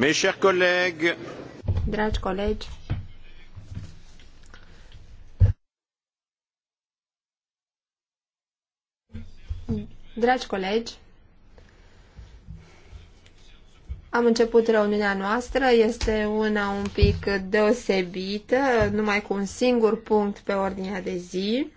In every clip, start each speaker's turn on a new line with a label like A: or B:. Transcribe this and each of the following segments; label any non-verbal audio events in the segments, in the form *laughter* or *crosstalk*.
A: Dragi colegi. Dragi colegi, am început reuniunea noastră, este una un pic deosebită, numai cu un singur punct pe ordinea de zi.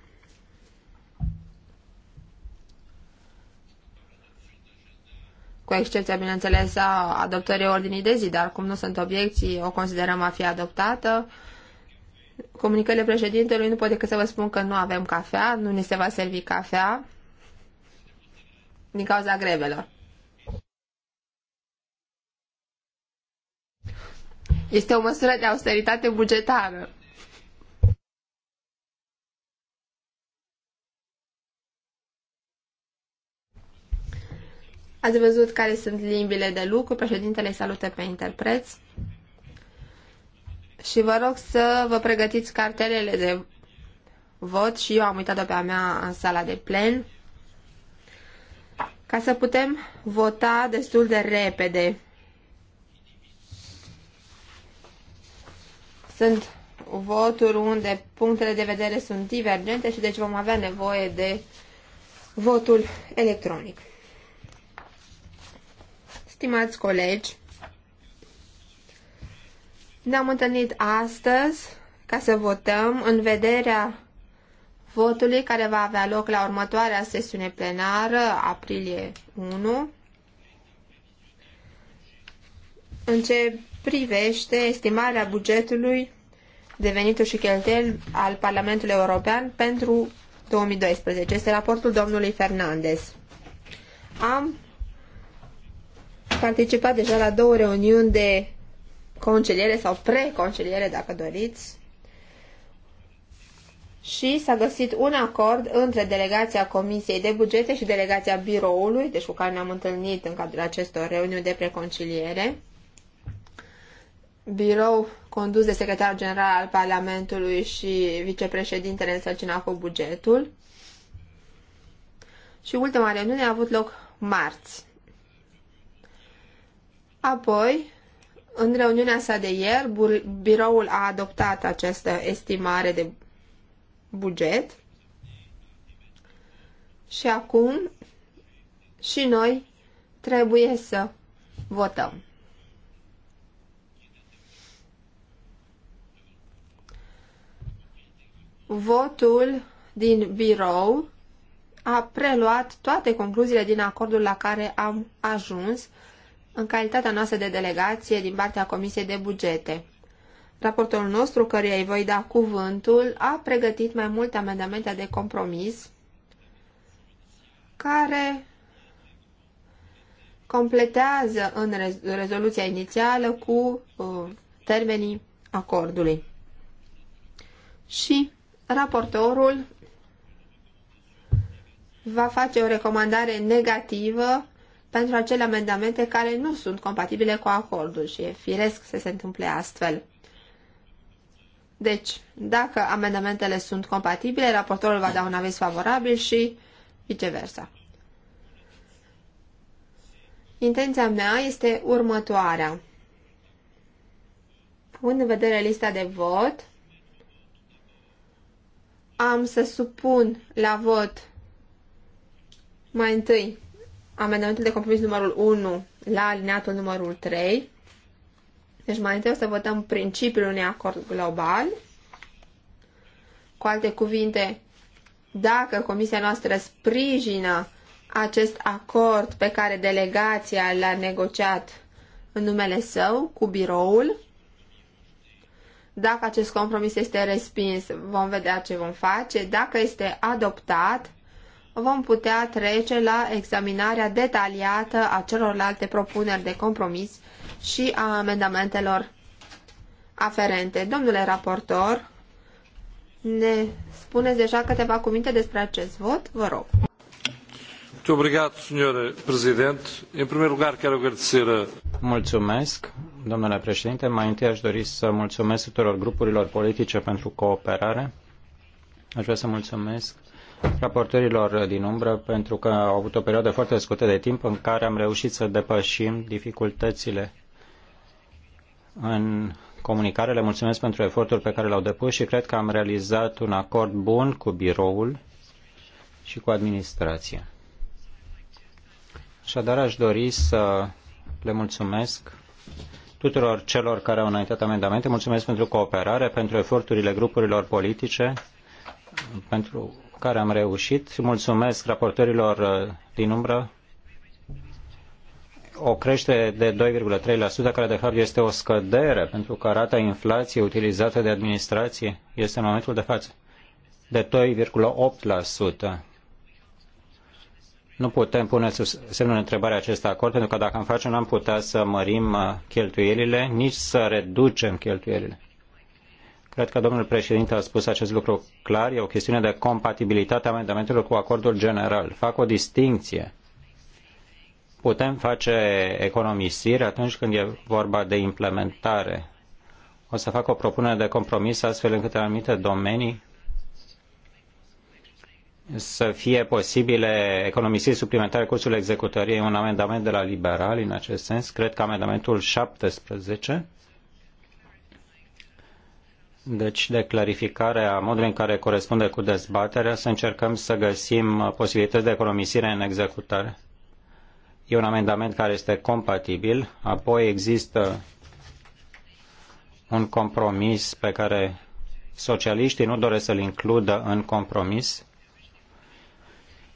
A: cu excepția, bineînțeles, a adoptării ordinii de zi, dar cum nu sunt obiecții, o considerăm a fi adoptată. Comunicările președintelui nu pot decât să vă spun că nu avem cafea, nu ni se va servi cafea din cauza grevelor. Este o măsură de austeritate bugetară. Ați văzut care sunt limbile de lucru, președintele salută pe interpreți. Și vă rog să vă pregătiți cartelele de vot și eu am uitat-o pe a mea în sala de plen ca să putem vota destul de repede. Sunt voturi unde punctele de vedere sunt divergente și deci vom avea nevoie de votul electronic. Stimați colegi, ne-am întâlnit astăzi ca să votăm în vederea votului care va avea loc la următoarea sesiune plenară, aprilie 1, în ce privește estimarea bugetului de venituri și cheltuieli al Parlamentului European pentru 2012. Este raportul domnului Fernandez. Am participat deja la două reuniuni de conciliere sau preconciliere, dacă doriți, și s-a găsit un acord între delegația Comisiei de Bugete și delegația Biroului, deci cu care ne-am întâlnit în cadrul acestor reuniuni de preconciliere, birou condus de secretarul general al Parlamentului și vicepreședintele însărcinat cu bugetul. Și ultima reuniune a avut loc marți. Apoi, în reuniunea sa de ieri, biroul a adoptat această estimare de buget și acum și noi trebuie să votăm. Votul din birou a preluat toate concluziile din acordul la care am ajuns în calitatea noastră de delegație din partea Comisiei de Bugete. Raportorul nostru, căruia îi voi da cuvântul, a pregătit mai multe amendamente de compromis care completează în rezoluția inițială cu uh, termenii acordului. Și raportorul va face o recomandare negativă pentru acele amendamente care nu sunt compatibile cu acordul și e firesc să se întâmple astfel. Deci, dacă amendamentele sunt compatibile, raportorul va da un aviz favorabil și viceversa. Intenția mea este următoarea. Pun în vedere lista de vot, am să supun la vot mai întâi amendamentul de compromis numărul 1 la alineatul numărul 3. Deci mai întâi o să votăm principiul unui acord global. Cu alte cuvinte, dacă comisia noastră sprijină acest acord pe care delegația l-a negociat în numele său cu biroul, dacă acest compromis este respins, vom vedea ce vom face. Dacă este adoptat, vom putea trece la examinarea detaliată a celorlalte propuneri de compromis și a amendamentelor aferente. Domnule raportor, ne spuneți deja câteva cuvinte despre acest vot? Vă rog.
B: Mulțumesc, domnule președinte. Mai întâi aș dori să mulțumesc tuturor grupurilor politice pentru cooperare. Aș vrea să mulțumesc raportorilor din umbră pentru că au avut o perioadă foarte scurtă de timp în care am reușit să depășim dificultățile în comunicare. Le mulțumesc pentru efortul pe care l-au depus și cred că am realizat un acord bun cu biroul și cu administrația. Așadar, aș dori să le mulțumesc tuturor celor care au înaintat amendamente. Mulțumesc pentru cooperare, pentru eforturile grupurilor politice, pentru care am reușit. Mulțumesc raportorilor uh, din umbră. O creștere de 2,3%, care de fapt este o scădere, pentru că rata inflației utilizată de administrație este în momentul de față de 2,8%. Nu putem pune sub semnul întrebare acest acord, pentru că dacă am face, nu am putea să mărim uh, cheltuielile, nici să reducem cheltuielile. Cred că domnul președinte a spus acest lucru clar. E o chestiune de compatibilitate a amendamentelor cu acordul general. Fac o distinție. Putem face economisiri atunci când e vorba de implementare. O să fac o propunere de compromis astfel încât în anumite domenii să fie posibile economisiri suplimentare cursul executării. un amendament de la liberali în acest sens, cred că amendamentul 17 deci de clarificare a modului în care corespunde cu dezbaterea, să încercăm să găsim posibilități de economisire în executare. E un amendament care este compatibil, apoi există un compromis pe care socialiștii nu doresc să-l includă în compromis.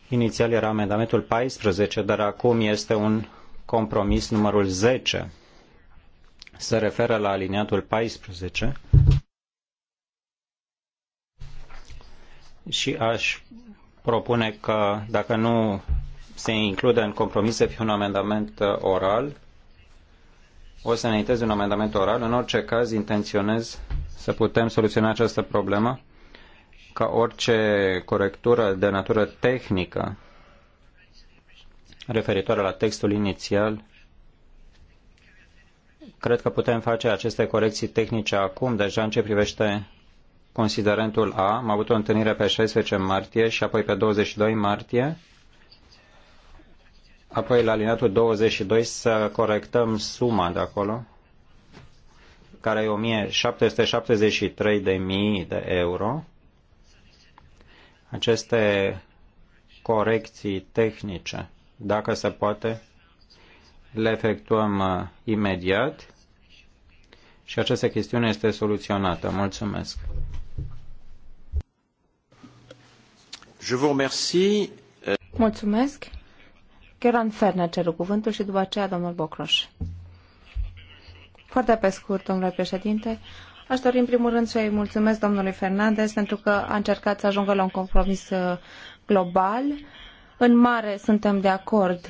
B: Inițial era amendamentul 14, dar acum este un compromis numărul 10. Se referă la aliniatul 14 și aș propune că dacă nu se include în compromis să fie un amendament uh, oral, o să înaintez un amendament oral. În orice caz, intenționez să putem soluționa această problemă ca orice corectură de natură tehnică referitoare la textul inițial. Cred că putem face aceste corecții tehnice acum, deja în ce privește considerentul A. Am avut o întâlnire pe 16 martie și apoi pe 22 martie. Apoi la alinatul 22 să corectăm suma de acolo, care e 1773 de mii de euro. Aceste corecții tehnice, dacă se poate, le efectuăm uh, imediat și această chestiune este soluționată. Mulțumesc! Je vous remercie.
C: Mulțumesc. Geran Ferner cer cuvântul și după aceea domnul Bocroș. Foarte pe scurt, domnule președinte, Aș dori în primul rând să-i mulțumesc domnului Fernandez pentru că a încercat să ajungă la un compromis uh, global. În mare suntem de acord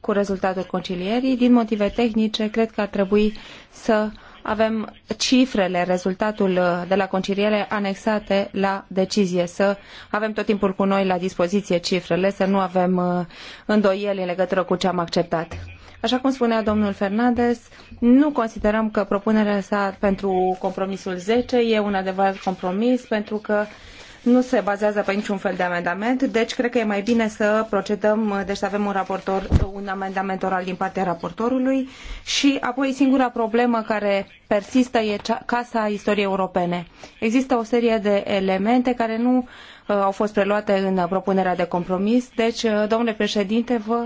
C: cu rezultatul concilierii. Din motive tehnice, cred că ar trebui să avem cifrele, rezultatul uh, de la conciliere anexate la decizie, să avem tot timpul cu noi la dispoziție cifrele, să nu avem uh, îndoieli în legătură cu ce am acceptat. Așa cum spunea domnul Fernandez, nu considerăm că propunerea sa pentru compromisul zece e un adevărat compromis pentru că nu se bazează pe niciun fel de amendament, deci cred că e mai bine să procedăm, deci să avem un, raportor, un amendament oral din partea raportorului și apoi singura problemă care persistă e cea, Casa Istoriei Europene. Există o serie de elemente care nu uh, au fost preluate în propunerea de compromis, deci, uh, domnule președinte, vă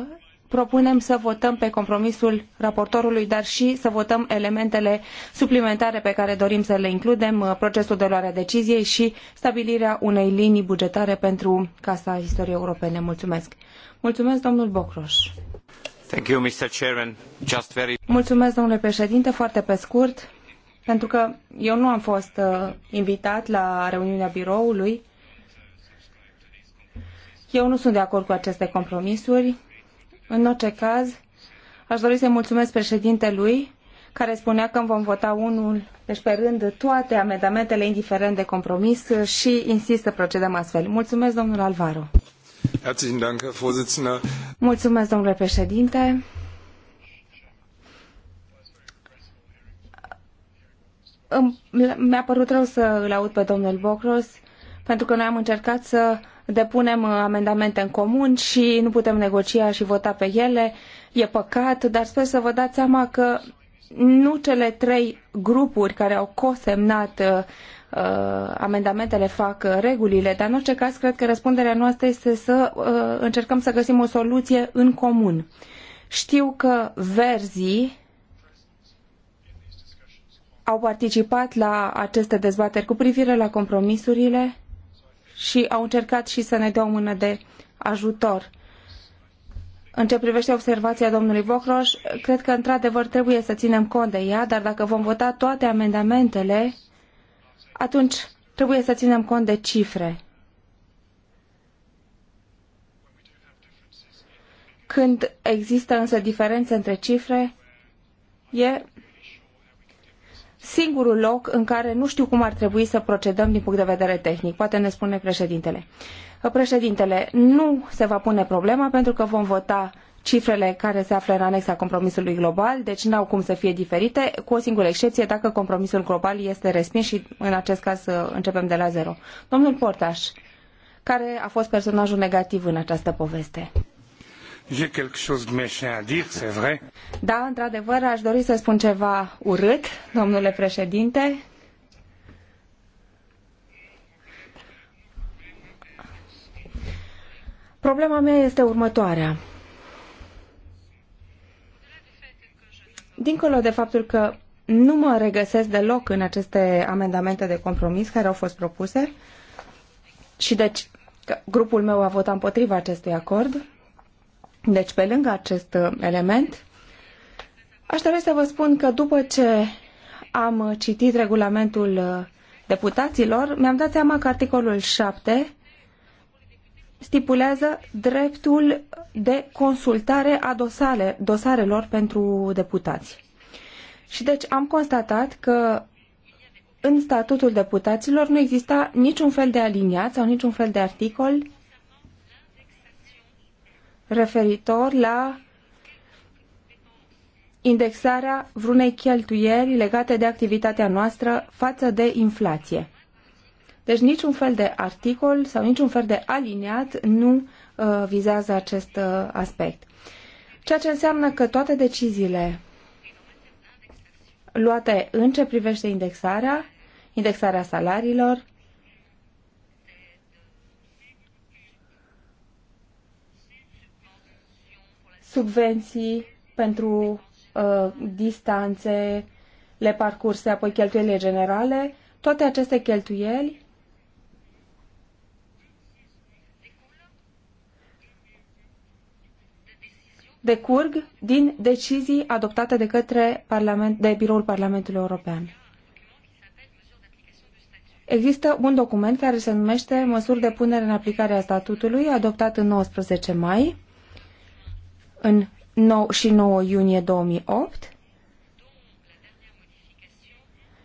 C: propunem să votăm pe compromisul raportorului, dar și să votăm elementele suplimentare pe care dorim să le includem, uh, procesul de luare a deciziei și stabilirea unei linii bugetare pentru Casa Istoriei Europene. Mulțumesc. Mulțumesc, domnul Bocroș.
B: Thank you, Mr. Chairman. Just very...
C: Mulțumesc, domnule președinte, foarte pe scurt, pentru că eu nu am fost uh, invitat la reuniunea biroului. Eu nu sunt de acord cu aceste compromisuri în orice caz, aș dori să-i mulțumesc președintelui, care spunea că vom vota unul, deci pe rând, toate amendamentele, indiferent de compromis, și insist să procedăm astfel. Mulțumesc, domnul Alvaro. Mulțumesc, domnule președinte. mi-a părut rău să îl aud pe domnul Bocros, pentru că noi am încercat să depunem uh, amendamente în comun și nu putem negocia și vota pe ele. E păcat, dar sper să vă dați seama că nu cele trei grupuri care au cosemnat uh, uh amendamentele fac uh, regulile, dar în orice caz cred că răspunderea noastră este să uh, încercăm să găsim o soluție în comun. Știu că verzii au participat la aceste dezbateri cu privire la compromisurile și au încercat și să ne dea o mână de ajutor. În ce privește observația domnului Bocroș, cred că într-adevăr trebuie să ținem cont de ea, dar dacă vom vota toate amendamentele, atunci trebuie să ținem cont de cifre. Când există însă diferențe între cifre, e singurul loc în care nu știu cum ar trebui să procedăm din punct de vedere tehnic. Poate ne spune președintele. Președintele, nu se va pune problema pentru că vom vota cifrele care se află în anexa compromisului global, deci n-au cum să fie diferite, cu o singură excepție dacă compromisul global este respins și în acest caz începem de la zero. Domnul Portaș, care a fost personajul negativ în această poveste? Da, într-adevăr, aș dori să spun ceva urât, domnule președinte. Problema mea este următoarea. Dincolo de faptul că nu mă regăsesc deloc în aceste amendamente de compromis care au fost propuse și deci grupul meu a votat împotriva acestui acord, deci, pe lângă acest uh, element, aș dori să vă spun că după ce am citit regulamentul uh, deputaților, mi-am dat seama că articolul 7 stipulează dreptul de consultare a dosare, dosarelor pentru deputați. Și deci am constatat că în statutul deputaților nu exista niciun fel de aliniat sau niciun fel de articol referitor la indexarea vreunei cheltuieli legate de activitatea noastră față de inflație. Deci niciun fel de articol sau niciun fel de aliniat nu uh, vizează acest uh, aspect. Ceea ce înseamnă că toate deciziile luate în ce privește indexarea, indexarea salariilor, subvenții pentru uh, distanțe, le parcurse, apoi cheltuielile generale, toate aceste cheltuieli decurg din decizii adoptate de către Parlament, de Biroul Parlamentului European. Există un document care se numește Măsuri de punere în aplicare a statutului, adoptat în 19 mai, în 9 și 9 iunie 2008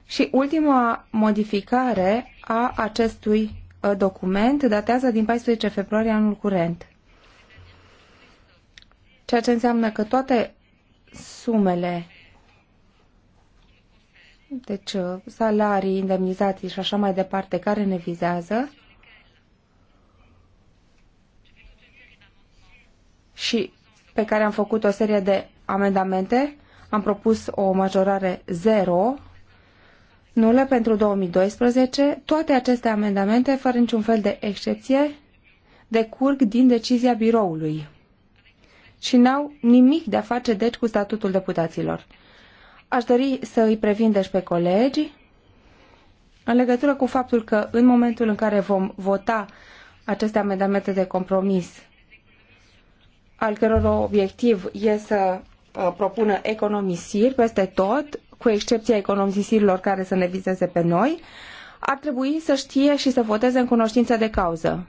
C: și ultima modificare a acestui uh, document datează din 14 februarie anul curent. Ceea ce înseamnă că toate sumele, deci uh, salarii, indemnizații și așa mai departe, care ne vizează, și pe care am făcut o serie de amendamente. Am propus o majorare zero, nulă pentru 2012. Toate aceste amendamente, fără niciun fel de excepție, decurg din decizia biroului și n-au nimic de a face, deci, cu statutul deputaților. Aș dori să îi previn, deci, pe colegi în legătură cu faptul că, în momentul în care vom vota aceste amendamente de compromis al căror obiectiv e să uh, propună economisiri peste tot, cu excepția economisirilor care să ne vizeze pe noi, ar trebui să știe și să voteze în cunoștință de cauză.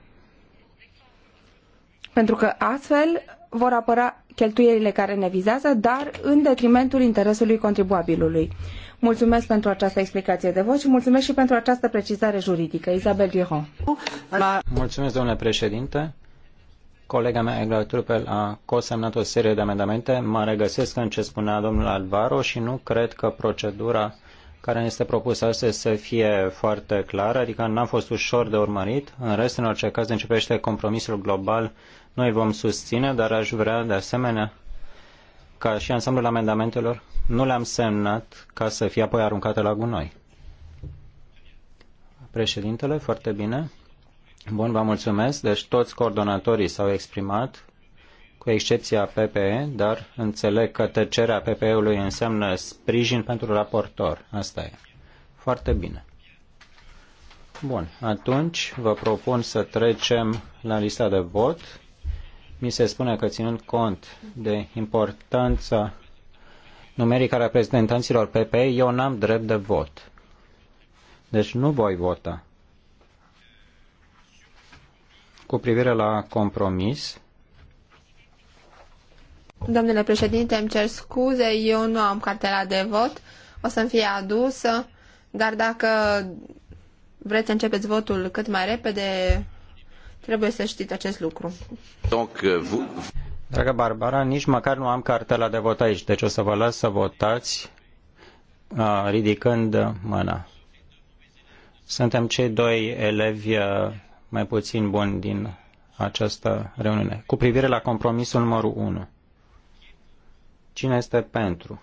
C: Pentru că astfel vor apăra cheltuielile care ne vizează, dar în detrimentul interesului contribuabilului. Mulțumesc pentru această explicație de vot și mulțumesc și pentru această precizare juridică. Isabel Durand.
B: Mulțumesc, domnule președinte. Colega mea, Egla Trupel, a cosemnat o serie de amendamente. Mă regăsesc în ce spunea domnul Alvaro și nu cred că procedura care ne este propusă astăzi să fie foarte clară, adică n-a fost ușor de urmărit. În rest, în orice caz, începește compromisul global, noi vom susține, dar aș vrea de asemenea ca și ansamblul amendamentelor, nu le-am semnat ca să fie apoi aruncate la gunoi. Președintele, foarte bine. Bun, vă mulțumesc. Deci toți coordonatorii s-au exprimat, cu excepția PPE, dar înțeleg că tăcerea PPE-ului înseamnă sprijin pentru raportor. Asta e. Foarte bine. Bun, atunci vă propun să trecem la lista de vot. Mi se spune că ținând cont de importanța numerică a reprezentanților PPE, eu n-am drept de vot. Deci nu voi vota cu privire la compromis.
A: Domnule președinte, îmi cer scuze, eu nu am cartela de vot, o să-mi fie adusă, dar dacă vreți să începeți votul cât mai repede, trebuie să știți acest lucru.
B: Donc, euh, vous... Dragă Barbara, nici măcar nu am cartela de vot aici, deci o să vă las să votați ridicând mâna. Suntem cei doi elevi mai puțin bun din această reuniune. Cu privire la compromisul numărul 1. Cine este pentru?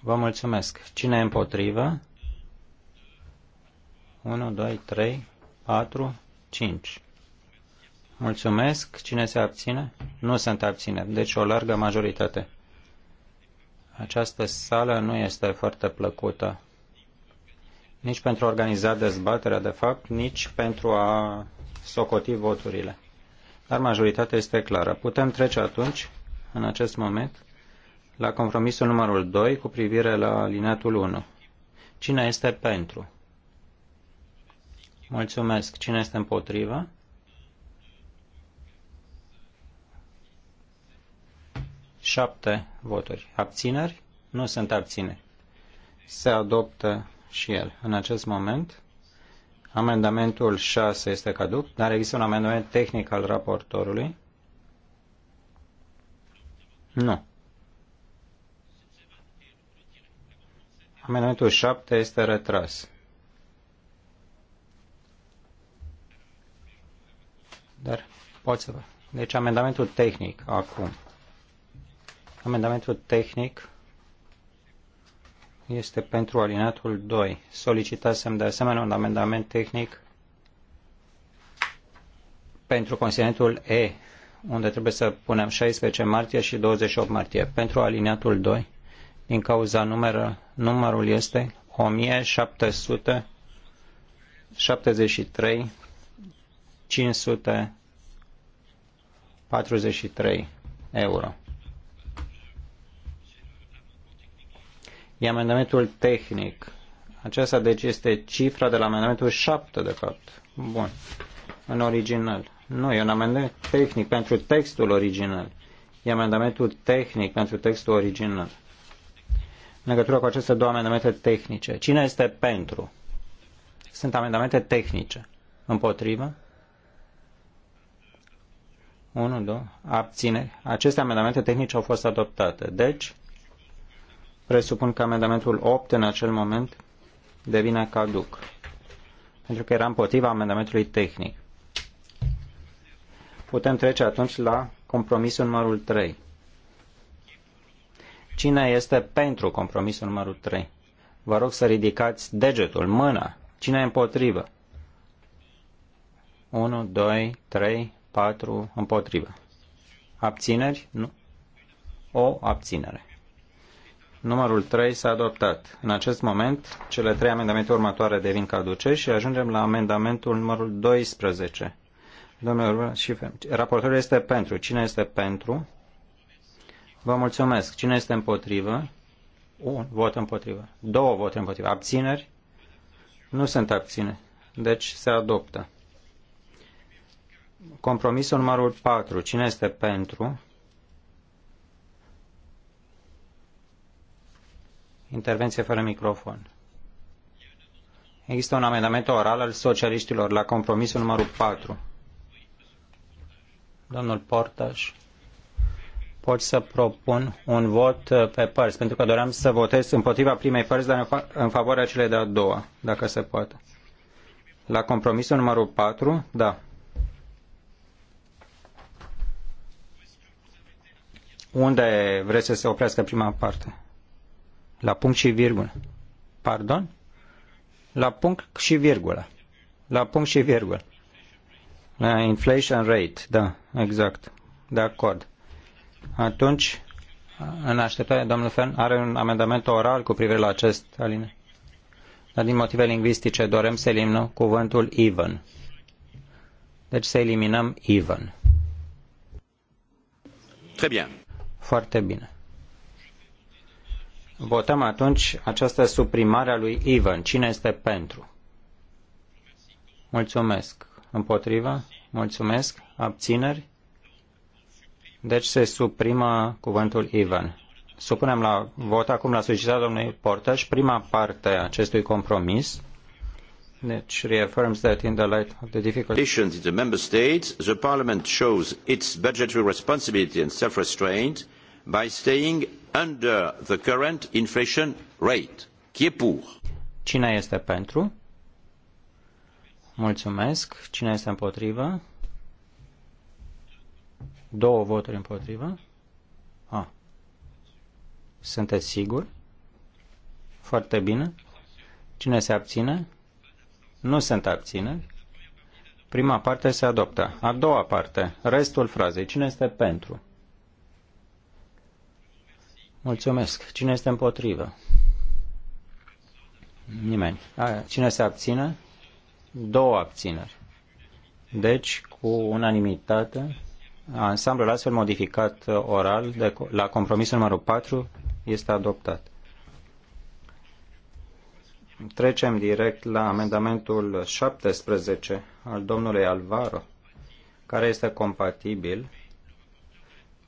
B: Vă mulțumesc. Cine e împotrivă? 1, 2, 3, 4, 5. Mulțumesc. Cine se abține? Nu sunt abține, deci o largă majoritate. Această sală nu este foarte plăcută nici pentru a organiza dezbaterea, de fapt, nici pentru a socoti voturile. Dar majoritatea este clară. Putem trece atunci, în acest moment, la compromisul numărul 2 cu privire la alineatul 1. Cine este pentru? Mulțumesc. Cine este împotrivă? Șapte voturi. Abțineri? Nu sunt abțineri. Se adoptă și el. În acest moment, amendamentul 6 este caduc, dar există un amendament tehnic al raportorului. Nu. Amendamentul 7 este retras. Dar poți să vă. Deci amendamentul tehnic acum. Amendamentul tehnic este pentru alineatul 2. Solicitasem de asemenea un amendament tehnic pentru considerentul E, unde trebuie să punem 16 martie și 28 martie. Pentru alineatul 2, din cauza numără, numărul este 1773 543 euro. E amendamentul tehnic. Aceasta deci este cifra de la amendamentul 7, de fapt. Bun. În original. Nu, e un amendament tehnic pentru textul original. E amendamentul tehnic pentru textul original. În legătură cu aceste două amendamente tehnice. Cine este pentru? Sunt amendamente tehnice. Împotrivă? 1, 2, Abține. Aceste amendamente tehnice au fost adoptate. Deci, Presupun că amendamentul 8 în acel moment devine caduc, pentru că era împotriva amendamentului tehnic. Putem trece atunci la compromisul numărul 3. Cine este pentru compromisul numărul 3? Vă rog să ridicați degetul, mâna. Cine e împotrivă? 1, 2, 3, 4, împotrivă. Abțineri? Nu. O abținere. Numărul 3 s-a adoptat. În acest moment, cele trei amendamente următoare devin caduce și ajungem la amendamentul numărul 12. Domnule și raportorul este pentru. Cine este pentru? Vă mulțumesc. Cine este împotrivă? Un vot împotrivă. Două voturi împotrivă. Abțineri? Nu sunt abține. Deci se adoptă. Compromisul numărul 4. Cine este pentru? Intervenție fără microfon. Există un amendament oral al socialiștilor la compromisul numărul 4. Domnul Portaș, pot să propun un vot uh, pe părți, pentru că doream să votez împotriva primei părți, dar în favoarea celei de-a doua, dacă se poate. La compromisul numărul 4, da. Unde vreți să se oprească prima parte? La punct și virgulă. Pardon? La punct și virgulă. La punct și virgulă. La inflation rate, da, exact. De acord. Atunci, în așteptare, domnul Fern are un amendament oral cu privire la acest aline. Dar din motive lingvistice dorem să eliminăm cuvântul even. Deci să eliminăm even. Très bien. Foarte bine. Votăm atunci această suprimare a lui Ivan. Cine este pentru? Mulțumesc. Împotriva? Mulțumesc. Abțineri? Deci se suprimă cuvântul Ivan. Supunem la vot acum la solicitarea domnului Portaș prima parte a acestui compromis. Deci reaffirms that in the light of the difficulties in the member states, the parliament shows its budgetary responsibility and self-restraint by staying under the current inflation rate. Qui est pour? Cine este pentru? Mulțumesc. Cine este împotrivă? Două voturi împotrivă. Ah. Sunteți siguri? Foarte bine. Cine se abține? Nu sunt abține. Prima parte se adoptă. A doua parte, restul frazei. Cine este pentru? Mulțumesc. Cine este împotrivă? Nimeni. Cine se abține? Două abțineri. Deci, cu unanimitate, ansamblul astfel modificat oral de, la compromisul numărul 4 este adoptat. Trecem direct la amendamentul 17 al domnului Alvaro, care este compatibil,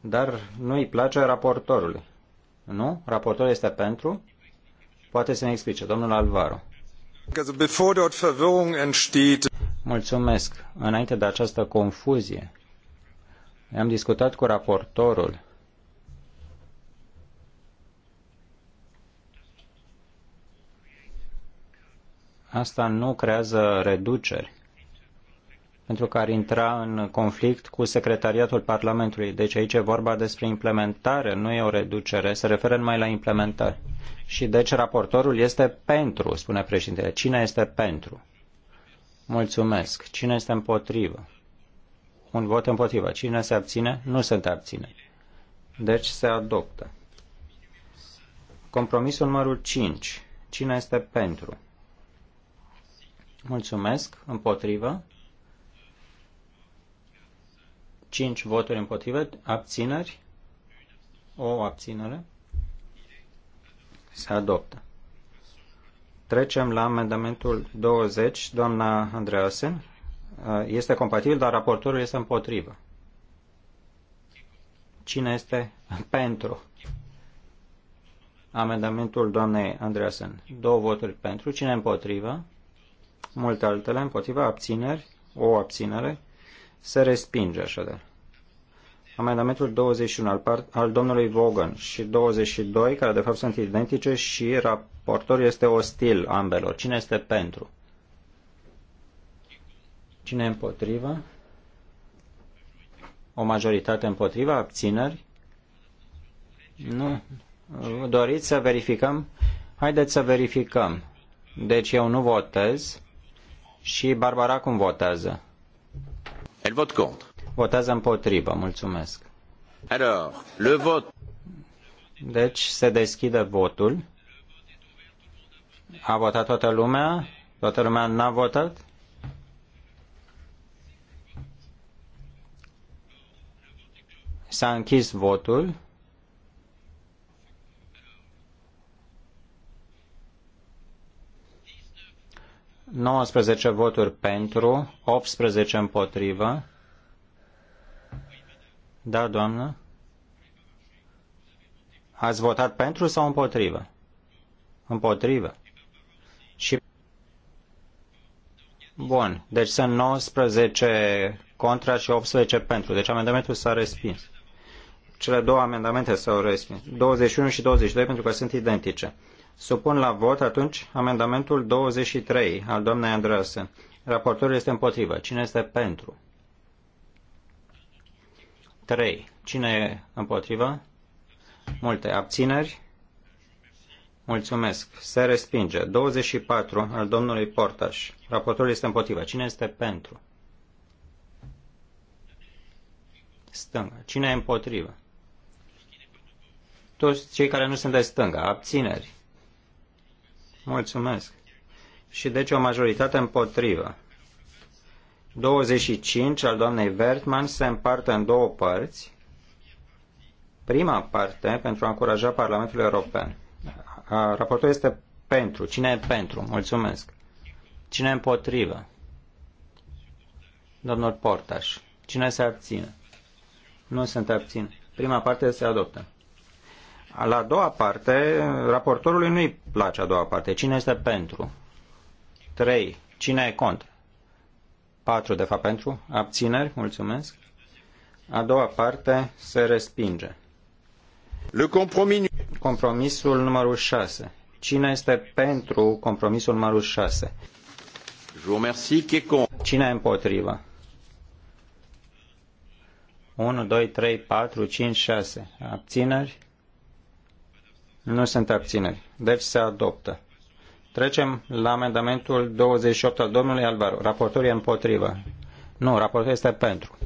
B: dar nu îi place raportorului. Nu? Raportorul este pentru? Poate să ne explice, domnul Alvaro. Mulțumesc. Înainte de această confuzie, am discutat cu raportorul Asta nu creează reduceri pentru că ar intra în conflict cu secretariatul Parlamentului. Deci aici e vorba despre implementare, nu e o reducere, se referă numai la implementare. Și deci raportorul este pentru, spune președintele. Cine este pentru? Mulțumesc. Cine este împotrivă? Un vot împotrivă. Cine se abține? Nu se abține. Deci se adoptă. Compromisul numărul 5. Cine este pentru? Mulțumesc. Împotrivă. 5 voturi împotrivă, abțineri, o abținere, se adoptă. Trecem la amendamentul 20, doamna Andreasen. Uh, este compatibil, dar raportorul este împotrivă. Cine este pentru? Amendamentul doamnei Andreasen. Două voturi pentru. Cine împotrivă? Multe altele împotrivă. Abțineri. O abținere. Se respinge așadar. Amendamentul 21 al, par- al domnului Vaughan și 22, care de fapt sunt identice și raportorul este ostil ambelor. Cine este pentru? Cine împotrivă? O majoritate împotrivă? Abțineri? Nu. Doriți să verificăm? Haideți să verificăm. Deci eu nu votez și Barbara cum votează? Elle vote contre. Votează împotrivă. Mulțumesc. Alors, le vote. Deci se deschide votul. A votat toată lumea? Toată lumea n-a votat? S-a închis votul. 19 voturi pentru, 18 împotrivă. Da, doamnă? Ați votat pentru sau împotrivă? Împotrivă. Și Bun, deci sunt 19 contra și 18 pentru. Deci amendamentul s-a respins. Cele două amendamente s-au respins. 21 și 22 pentru că sunt identice. Supun la vot atunci amendamentul 23 al doamnei Andreasen. Raportorul este împotrivă. Cine este pentru? 3. Cine e împotrivă? Multe abțineri. Mulțumesc. Se respinge. 24 al domnului Portaș. Raportorul este împotrivă. Cine este pentru? Stânga. Cine e împotrivă? Toți cei care nu sunt de stânga. Abțineri. Mulțumesc. Și deci o majoritate împotrivă. 25 al doamnei Bertman se împarte în două părți. Prima parte pentru a încuraja Parlamentul European. Raportul este pentru. Cine e pentru? Mulțumesc. Cine e împotrivă? Domnul Portaș. Cine se abține? Nu sunt abține. Prima parte se adoptă. La a doua parte, raportorului nu-i place a doua parte. Cine este pentru? 3. Cine e contra? 4, de fapt, pentru. Abțineri, mulțumesc. A doua parte se respinge. Le compromis... Compromisul numărul 6. Cine este pentru compromisul numărul 6? Je vous remercie. Cine e împotriva? 1, 2, 3, 4, 5, 6. Abțineri? Nu sunt abțineri. Deci se adoptă. Trecem la amendamentul 28 al domnului Alvaro. Raportorul e împotrivă. Nu, raportul este pentru.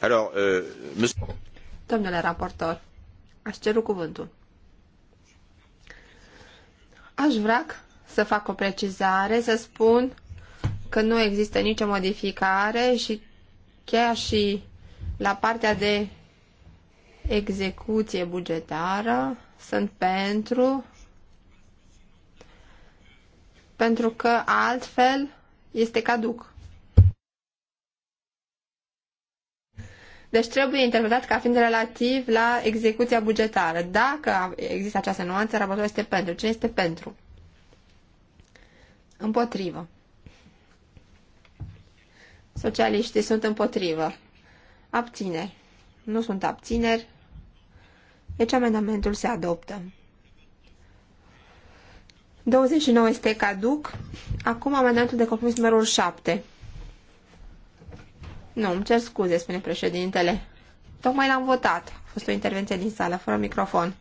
B: Alors, euh,
A: Domnule raportor, aș ceru cuvântul. Aș vrea să fac o precizare, să spun că nu există nicio modificare și chiar și la partea de execuție bugetară, sunt pentru, pentru că altfel este caduc. Deci trebuie interpretat ca fiind relativ la execuția bugetară. Dacă există această nuanță, raportul este pentru. Cine este pentru? Împotrivă. Socialiștii sunt împotrivă. Abțineri. Nu sunt abțineri. Deci amendamentul se adoptă. 29 este caduc. Acum amendamentul de compromis numărul 7. Nu, îmi cer scuze, spune președintele. Tocmai l-am votat. A fost o intervenție din sală, fără microfon.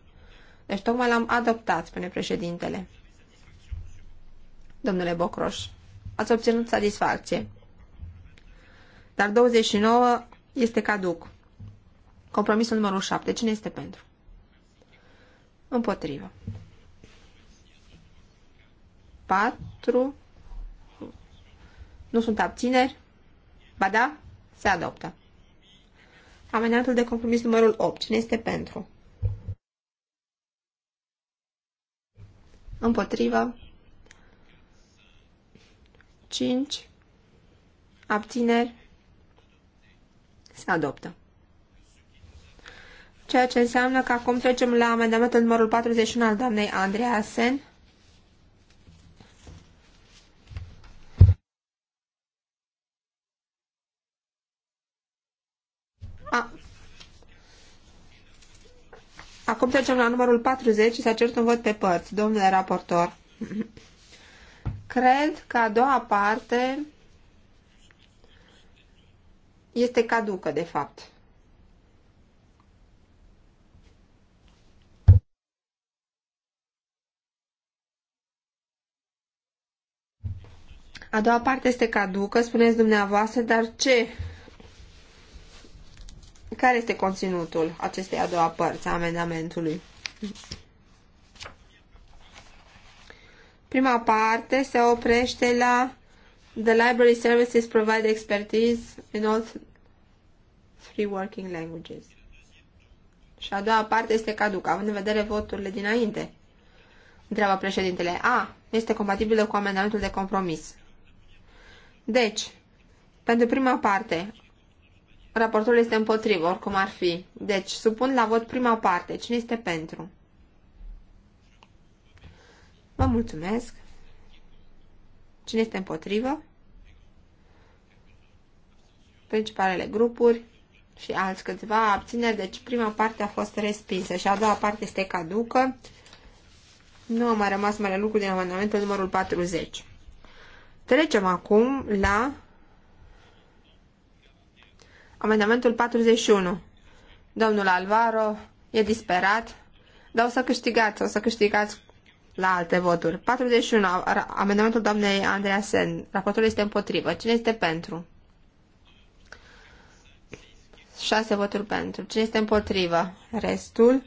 A: Deci tocmai l-am adoptat, spune președintele. Domnule Bocroș, ați obținut satisfacție. Dar 29 este caduc. Compromisul numărul 7. Cine este pentru? Împotrivă. 4. Nu sunt abțineri. Ba da, se adoptă. Amendamentul de compromis numărul 8. Cine este pentru? Împotrivă. 5. Abțineri. Se adoptă. Ceea ce înseamnă că acum trecem la amendamentul numărul 41 al doamnei Andreasen. A. Acum trecem la numărul 40 și s-a cerut un vot pe părți, domnule raportor. *clears throat* Cred că a doua parte este caducă, de fapt. A doua parte este caducă, spuneți dumneavoastră, dar ce? Care este conținutul acestei a doua părți a amendamentului? Prima parte se oprește la The library services provide expertise in all three working languages. Și a doua parte este caducă, având în vedere voturile dinainte. Întreabă președintele. A, este compatibilă cu amendamentul de compromis. Deci, pentru prima parte, raportul este împotrivă, oricum ar fi. Deci, supun la vot prima parte. Cine este pentru? Vă mulțumesc. Cine este împotrivă? Principalele grupuri și alți câțiva abțineri, deci prima parte a fost respinsă și a doua parte este caducă. Nu a mai rămas mare lucru din amendamentul numărul 40. Trecem acum la amendamentul 41. Domnul Alvaro e disperat, dar o să câștigați, o să câștigați la alte voturi. 41. Amendamentul doamnei Andreea Sen. Raportul este împotrivă. Cine este pentru? 6 voturi pentru. Cine este împotrivă? Restul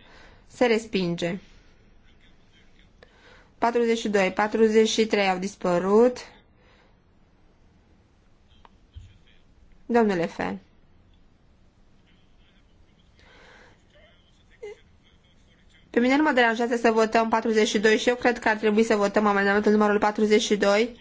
A: se respinge. 42, 43 au dispărut. Domnule Fel. Pe mine nu mă deranjează să votăm 42 și eu cred că ar trebui să votăm amendamentul numărul 42,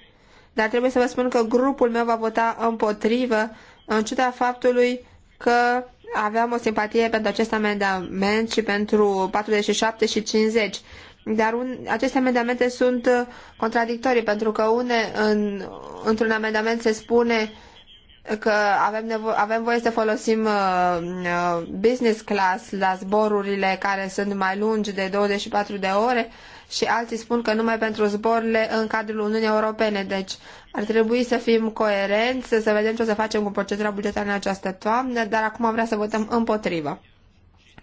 A: dar trebuie să vă spun că grupul meu va vota împotrivă în ciuda faptului că aveam o simpatie pentru acest amendament și pentru 47 și 50. Dar un, aceste amendamente sunt contradictorii pentru că une, în, într-un amendament se spune uh, că avem, nevo- avem voie să folosim uh, uh, business class la zborurile care sunt mai lungi de 24 de ore și alții spun că numai pentru zborurile în cadrul Uniunii Europene. Deci ar trebui să fim coerenți, să vedem ce o să facem cu procedura bugetară în această toamnă, dar acum vrea să votăm împotriva.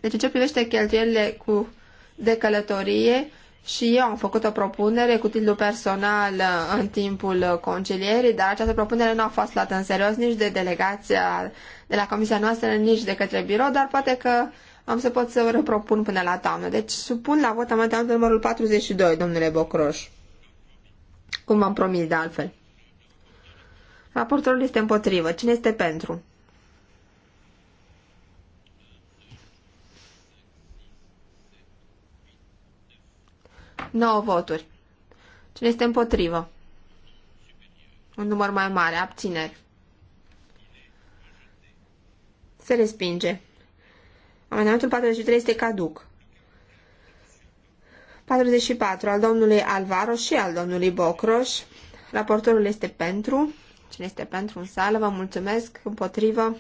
A: Deci în ce privește cheltuielile cu de călătorie, și eu am făcut o propunere cu titlu personal uh, în timpul concilierii, dar această propunere nu a fost luată în serios nici de delegația de la comisia noastră, nici de către birou, dar poate că am să pot să o repropun până la toamnă. Deci supun la vot amendamentul numărul 42, domnule Bocroș. Cum am promis de altfel. Raportul este împotrivă. Cine este pentru? 9 voturi. Cine este împotrivă? Un număr mai mare, abțineri. Se respinge. Amendamentul 43 este caduc. 44 al domnului Alvaro și al domnului Bocroș. Raportorul este pentru. Cine este pentru în sală, vă mulțumesc. Împotrivă.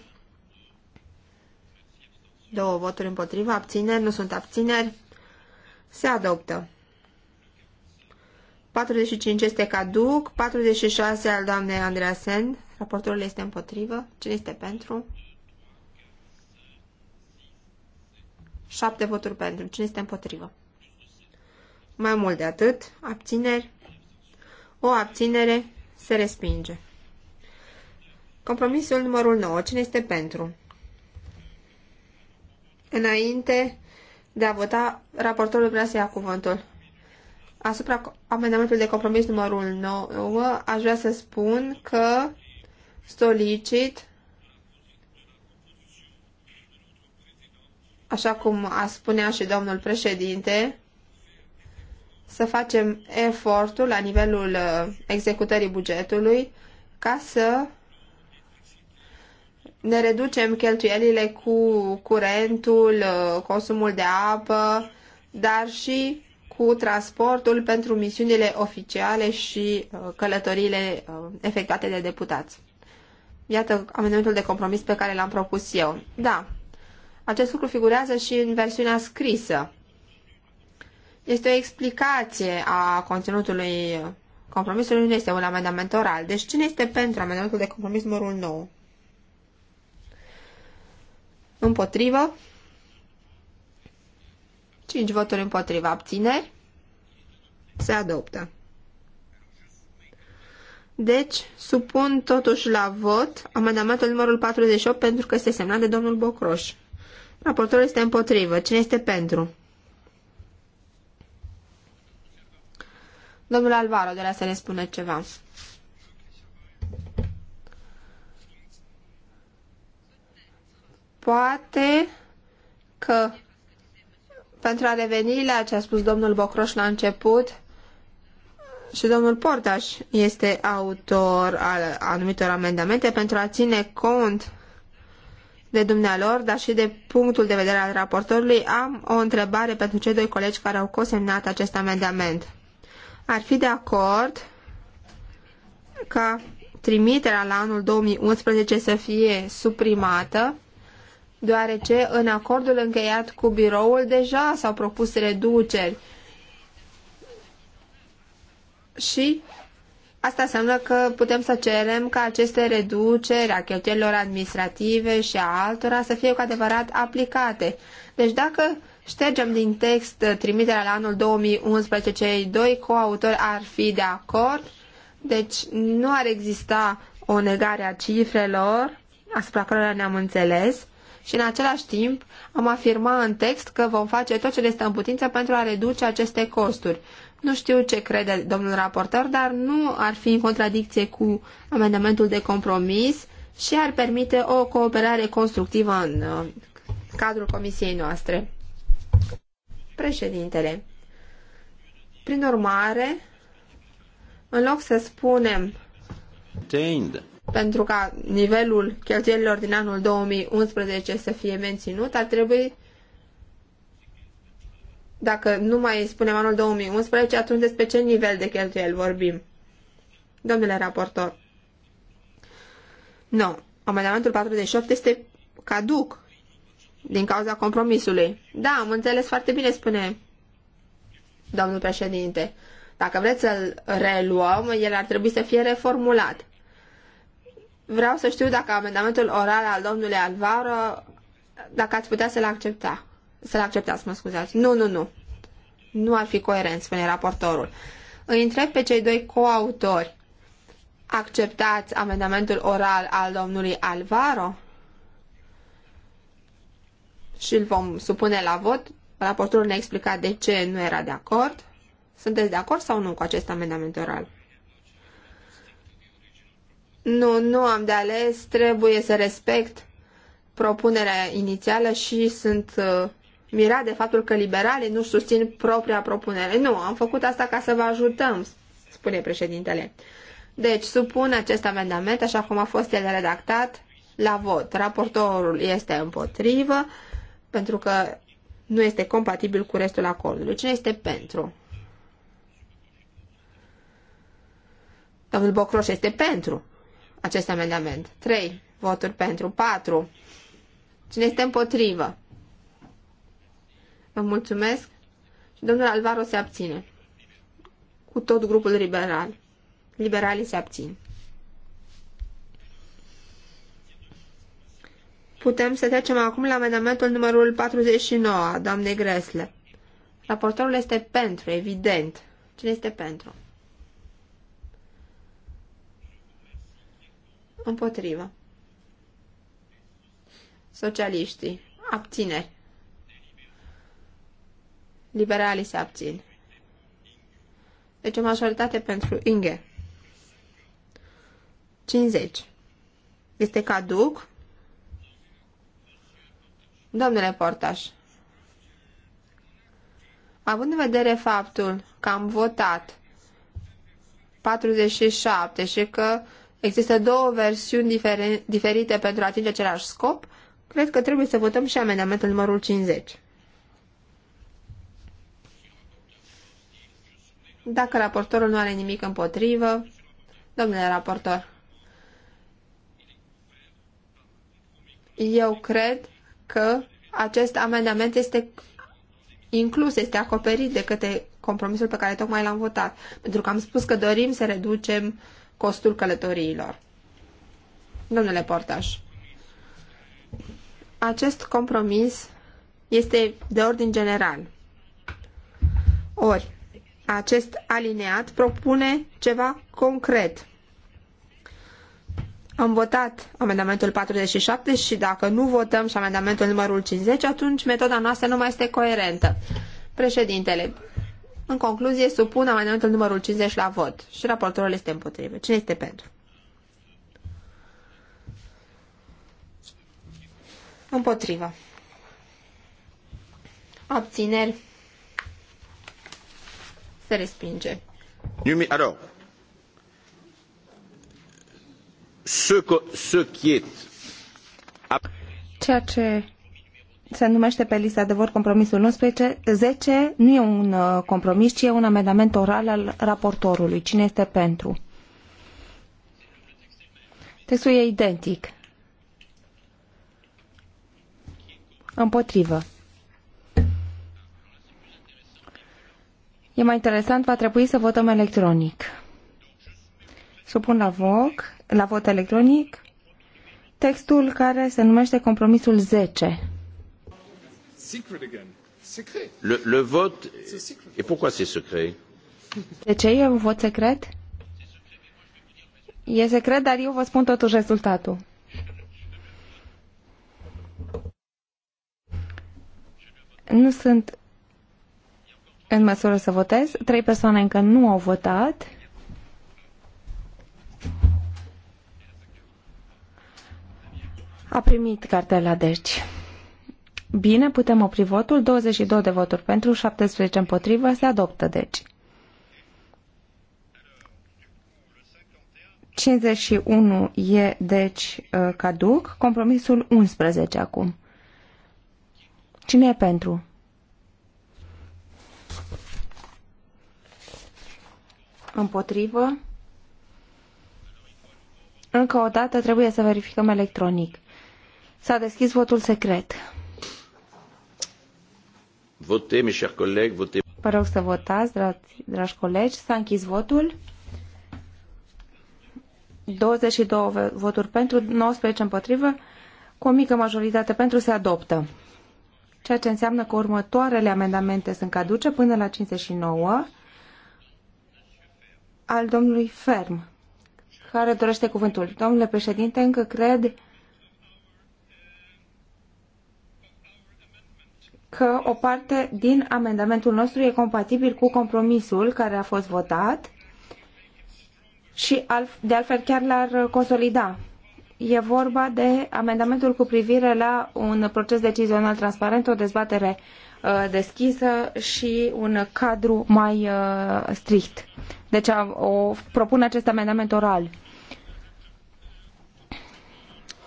A: Două voturi împotrivă. Abțineri. Nu sunt abțineri. Se adoptă. 45 este caduc, 46 al doamnei Andreasen, raportorul este împotrivă, cine este pentru? 7 voturi pentru, cine este împotrivă? Mai mult de atât, abțineri, o abținere se respinge. Compromisul numărul 9, cine este pentru? Înainte de a vota, raportorul vrea să ia cuvântul. Asupra amendamentului de compromis numărul 9, aș vrea să spun că solicit, așa cum a spunea și domnul președinte, să facem efortul la nivelul uh, executării bugetului ca să ne reducem cheltuielile cu curentul, uh, consumul de apă, dar și cu transportul pentru misiunile oficiale și uh, călătoriile uh, efectuate de deputați. Iată amendamentul de compromis pe care l-am propus eu. Da, acest lucru figurează și în versiunea scrisă. Este o explicație a conținutului compromisului, nu este un amendament oral. Deci cine este pentru amendamentul de compromis numărul 9? Împotrivă? 5 voturi împotriva abțineri, se adoptă. Deci, supun totuși la vot amendamentul numărul 48 pentru că este semnat de domnul Bocroș. Raportorul este împotrivă. Cine este pentru? Domnul Alvaro, de la să ne spune ceva. Poate că pentru a reveni la ce a spus domnul Bocroș la început, și domnul Portaș este autor al anumitor amendamente pentru a ține cont de dumnealor, dar și de punctul de vedere al raportorului, am o întrebare pentru cei doi colegi care au cosemnat acest amendament. Ar fi de acord ca trimiterea la anul 2011 să fie suprimată deoarece în acordul încheiat cu biroul deja s-au propus reduceri. Și asta înseamnă că putem să cerem ca aceste reduceri a cheltuielilor administrative și a altora să fie cu adevărat aplicate. Deci dacă ștergem din text trimiterea la anul 2011, cei doi coautori ar fi de acord, deci nu ar exista o negare a cifrelor asupra cărora ne-am înțeles, și în același timp am afirmat în text că vom face tot ce ne stă în putință pentru a reduce aceste costuri. Nu știu ce crede domnul raportor, dar nu ar fi în contradicție cu amendamentul de compromis și ar permite o cooperare constructivă în uh, cadrul comisiei noastre. Președintele, prin urmare, în loc să spunem pentru ca nivelul cheltuielilor din anul 2011 să fie menținut, ar trebui dacă nu mai spunem anul 2011, atunci despre ce nivel de cheltuieli vorbim? Domnule raportor. Nu. No. Amendamentul 48 este caduc din cauza compromisului. Da, am înțeles foarte bine, spune domnul președinte. Dacă vreți să-l reluăm, el ar trebui să fie reformulat. Vreau să știu dacă amendamentul oral al domnului Alvaro, dacă ați putea să-l accepta. Să-l acceptați, mă scuzați. Nu, nu, nu. Nu ar fi coerent, spune raportorul. Îi întreb pe cei doi coautori. Acceptați amendamentul oral al domnului Alvaro? Și îl vom supune la vot. Raportorul ne-a explicat de ce nu era de acord. Sunteți de acord sau nu cu acest amendament oral? Nu, nu am de ales, trebuie să respect propunerea inițială și sunt uh, mirat de faptul că liberalii nu susțin propria propunere. Nu, am făcut asta ca să vă ajutăm, spune președintele. Deci, supun acest amendament, așa cum a fost el redactat, la vot. Raportorul este împotrivă, pentru că nu este compatibil cu restul acordului. Cine este pentru? Domnul Bocroș este pentru acest amendament. 3 voturi pentru. 4. Cine este împotrivă? Vă mulțumesc. Și domnul Alvaro se abține. Cu tot grupul liberal. Liberalii se abțin. Putem să trecem acum la amendamentul numărul 49 doamne Gresle. Raportorul este pentru, evident. Cine este pentru? Împotrivă. Socialiștii. Abțineri. Liberalii se abțin. Deci o majoritate pentru Inge. 50. Este caduc? Domnule Portaș, având în vedere faptul că am votat 47 și că există două versiuni diferite pentru a atinge același scop, cred că trebuie să votăm și amendamentul numărul 50. Dacă raportorul nu are nimic împotrivă, domnule raportor, eu cred că acest amendament este inclus, este acoperit de către compromisul pe care tocmai l-am votat, pentru că am spus că dorim să reducem uh, costul călătoriilor. Domnule Portaș, acest compromis este de ordin general. Ori, acest alineat propune ceva concret. Am votat amendamentul 47 și dacă nu votăm și amendamentul numărul 50, atunci metoda noastră nu mai este coerentă. Președintele, în concluzie, supun amendamentul numărul 50 la vot și raportorul este împotrivă. Cine este pentru? Împotrivă. Abțineri. Se respinge.
B: Numi Alors, ce,
C: ce ce se numește pe lista de vot compromisul 11. 10 nu e un uh, compromis, ci e un amendament oral al raportorului. Cine este pentru? Textul e identic. Împotrivă. E mai interesant, va trebui să votăm electronic. Supun la vot, la vot electronic textul care se numește compromisul 10.
B: Le, le vote. Et pourquoi c'est secret?
C: De ce e un vot secret? E secret, dar eu vă spun totuși rezultatul. Nu sunt în măsură să votez. Trei persoane încă nu au votat. A primit cartela, deci. Bine, putem opri votul. 22 de voturi pentru, 17 împotrivă. Se adoptă, deci. 51 e, deci, uh, caduc. Compromisul 11 acum. Cine e pentru? Împotrivă. Încă o dată trebuie să verificăm electronic. S-a deschis votul secret.
B: Votez, mes chers collègues, votez.
C: Vă rog să votați, dragi, dragi colegi. S-a închis votul. 22 voturi pentru, 19 împotrivă, cu o mică majoritate pentru se adoptă. Ceea ce înseamnă că următoarele amendamente sunt caduce până la 59 al domnului Ferm, care dorește cuvântul. Domnule președinte, încă cred că o parte din amendamentul nostru e compatibil cu compromisul care a fost votat și de altfel chiar l-ar consolida. E vorba de amendamentul cu privire la un proces decizional transparent, o dezbatere uh, deschisă și un cadru mai uh, strict. Deci o, propun acest amendament oral.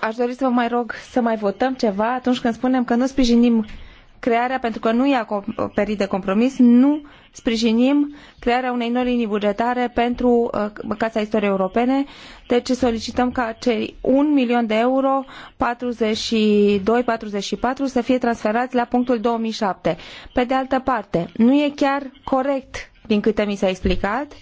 C: Aș dori să vă mai rog să mai votăm ceva atunci când spunem că nu sprijinim crearea, pentru că nu i-a acoperit de compromis, nu sprijinim crearea unei noi linii bugetare pentru uh, Casa Istoriei Europene. Deci solicităm ca cei 1 milion de euro 42-44 să fie transferați la punctul 2007. Pe de altă parte, nu e chiar corect, din câte mi s-a explicat,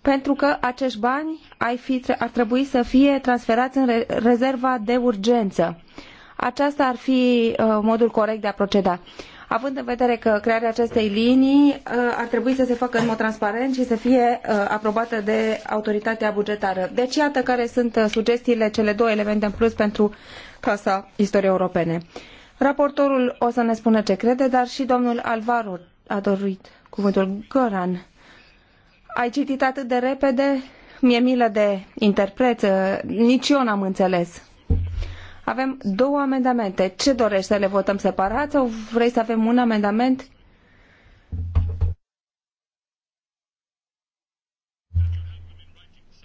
C: pentru că acești bani ar, ar trebui să fie transferați în rezerva de urgență. Uh, aceasta ar fi uh, modul corect de a proceda. Având în vedere că crearea acestei linii uh, ar trebui să se facă în mod transparent și să fie uh, aprobată de autoritatea bugetară. Deci iată care sunt sugestiile, cele două elemente în plus pentru Casa Istoriei Europene. Raportorul o să ne spună ce crede, dar și domnul Alvaro a dorit cuvântul Goran. Ai citit atât de repede? Mi-e milă de interpret, nici eu n-am înțeles. Avem două amendamente. Ce dorești să le votăm separat sau vrei să avem un amendament?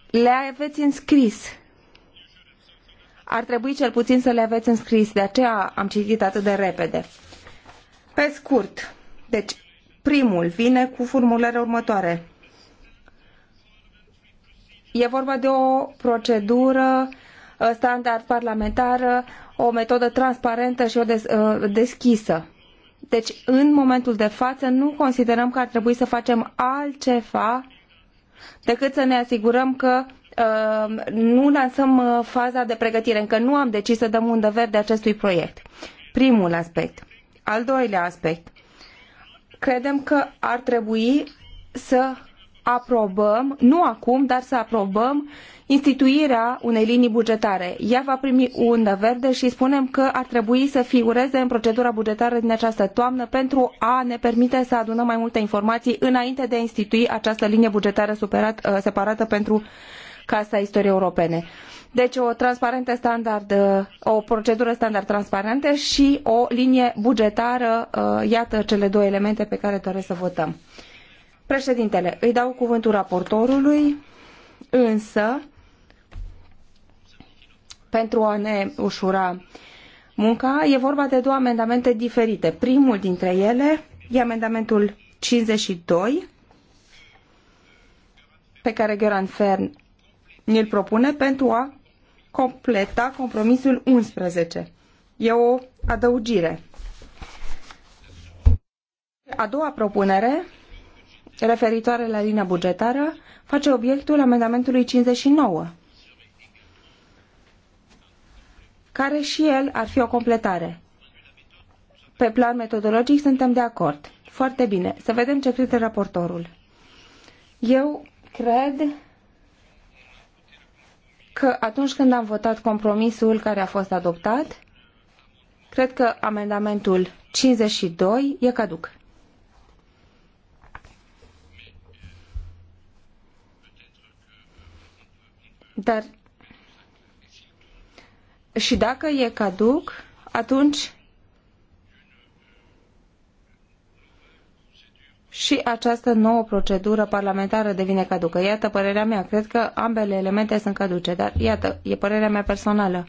C: Le aveți înscris. Ar trebui cel puțin să le aveți înscris, de aceea am citit atât de repede. Pe scurt, deci primul vine cu formularea următoare. E vorba de o procedură Uh, standard parlamentar, uh, o metodă transparentă și o uh, deschisă. Deci, în momentul de față, nu considerăm că ar trebui să facem altceva decât să ne asigurăm că nu lansăm faza de pregătire, încă nu am decis să dăm undă verde acestui proiect. Primul aspect. Al doilea aspect. Credem că ar trebui să aprobăm, nu acum, dar să aprobăm instituirea unei linii bugetare. Ea va primi undă verde și spunem că ar trebui să figureze în procedura bugetară din această toamnă pentru a ne permite să adunăm mai multe informații înainte de a institui această linie bugetară superat, uh, separată pentru Casa Istoriei Europene. Deci o transparentă standard, uh, o procedură standard transparentă și o linie bugetară, uh, iată cele două elemente pe care doresc să votăm. Președintele, îi dau cuvântul raportorului, însă, pentru a ne ușura munca, e vorba de două amendamente diferite. Primul dintre ele e amendamentul 52, pe care Gheran Fern îl propune pentru a completa compromisul 11. E o adăugire. A doua propunere referitoare la linia bugetară face obiectul amendamentului 59, care și el ar fi o completare. Pe plan metodologic suntem de acord. Foarte bine. Să vedem ce crede raportorul. Eu cred că atunci când am votat compromisul care a fost adoptat, cred că amendamentul 52 e caduc. Dar și dacă e caduc, atunci și această nouă procedură parlamentară devine caducă. Iată părerea mea. Cred că ambele elemente sunt caduce, dar iată, e părerea mea personală.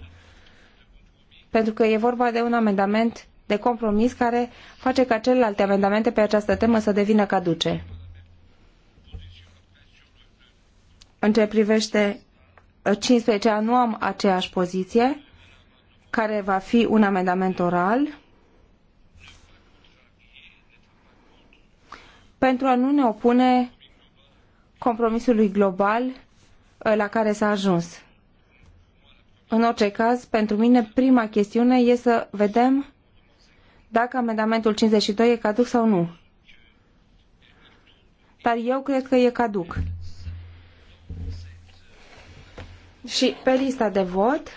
C: Pentru că e vorba de un amendament de compromis care face ca celelalte amendamente pe această temă să devină caduce. În ce privește 15 nu am aceeași poziție, care va fi un amendament oral pentru a nu ne opune compromisului global uh, la care s-a ajuns. În orice caz, pentru mine, prima chestiune e să vedem dacă amendamentul 52 e caduc sau nu. Dar eu cred că e caduc. Și pe lista de vot